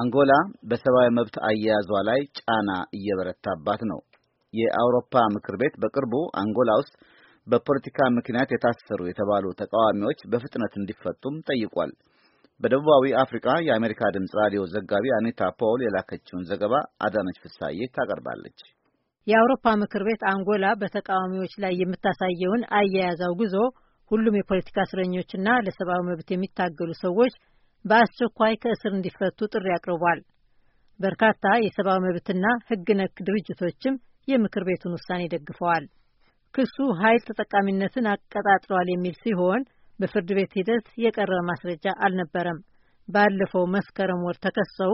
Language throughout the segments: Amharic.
አንጎላ በሰብአዊ መብት አያያዟ ላይ ጫና እየበረታባት ነው። የአውሮፓ ምክር ቤት በቅርቡ አንጎላ ውስጥ በፖለቲካ ምክንያት የታሰሩ የተባሉ ተቃዋሚዎች በፍጥነት እንዲፈቱም ጠይቋል። በደቡባዊ አፍሪካ የአሜሪካ ድምፅ ራዲዮ ዘጋቢ አኒታ ፖል የላከችውን ዘገባ አዳነች ፍሳዬ ታቀርባለች። የአውሮፓ ምክር ቤት አንጎላ በተቃዋሚዎች ላይ የምታሳየውን አያያዛው ጉዞ ሁሉም የፖለቲካ እስረኞችና ለሰብአዊ መብት የሚታገሉ ሰዎች በአስቸኳይ ከእስር እንዲፈቱ ጥሪ አቅርቧል። በርካታ የሰብአዊ መብትና ሕግ ነክ ድርጅቶችም የምክር ቤቱን ውሳኔ ደግፈዋል። ክሱ ኃይል ተጠቃሚነትን አቀጣጥሏል የሚል ሲሆን በፍርድ ቤት ሂደት የቀረበ ማስረጃ አልነበረም። ባለፈው መስከረም ወር ተከሰው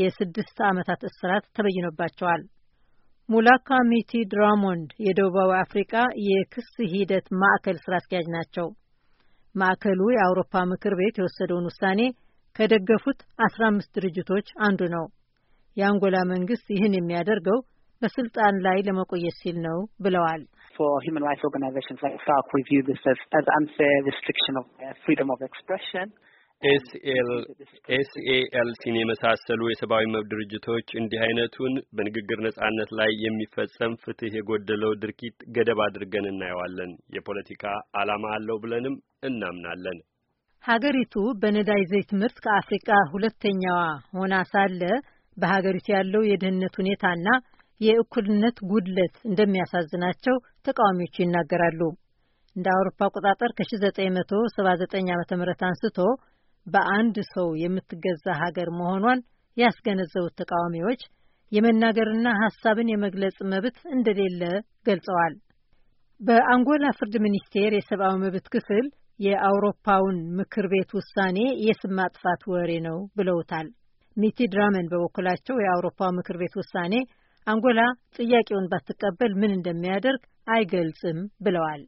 የስድስት ዓመታት እስራት ተበይኖባቸዋል። ሙላካ ሚቲ ድራሞንድ የደቡባዊ አፍሪቃ የክስ ሂደት ማዕከል ስራ አስኪያጅ ናቸው። ማዕከሉ የአውሮፓ ምክር ቤት የወሰደውን ውሳኔ ከደገፉት 15 ድርጅቶች አንዱ ነው። የአንጎላ መንግስት ይህን የሚያደርገው በስልጣን ላይ ለመቆየት ሲል ነው ብለዋል። ኤስኤኤልሲን uh, የመሳሰሉ የሰብአዊ መብት ድርጅቶች እንዲህ አይነቱን በንግግር ነጻነት ላይ የሚፈጸም ፍትህ የጎደለው ድርጊት ገደብ አድርገን እናየዋለን። የፖለቲካ ዓላማ አለው ብለንም እናምናለን። ሀገሪቱ በነዳጅ ዘይት ምርት ከአፍሪቃ ሁለተኛዋ ሆና ሳለ በሀገሪቱ ያለው የድህነት ሁኔታና የእኩልነት ጉድለት እንደሚያሳዝናቸው ተቃዋሚዎቹ ይናገራሉ። እንደ አውሮፓ አቆጣጠር ከ1979 ዓ ም አንስቶ በአንድ ሰው የምትገዛ ሀገር መሆኗን ያስገነዘቡት ተቃዋሚዎች የመናገርና ሀሳብን የመግለጽ መብት እንደሌለ ገልጸዋል። በአንጎላ ፍርድ ሚኒስቴር የሰብአዊ መብት ክፍል የአውሮፓውን ምክር ቤት ውሳኔ የስም ማጥፋት ወሬ ነው ብለውታል። ሚቲ ድራመን በበኩላቸው የአውሮፓው ምክር ቤት ውሳኔ አንጎላ ጥያቄውን ባትቀበል ምን እንደሚያደርግ አይገልጽም ብለዋል።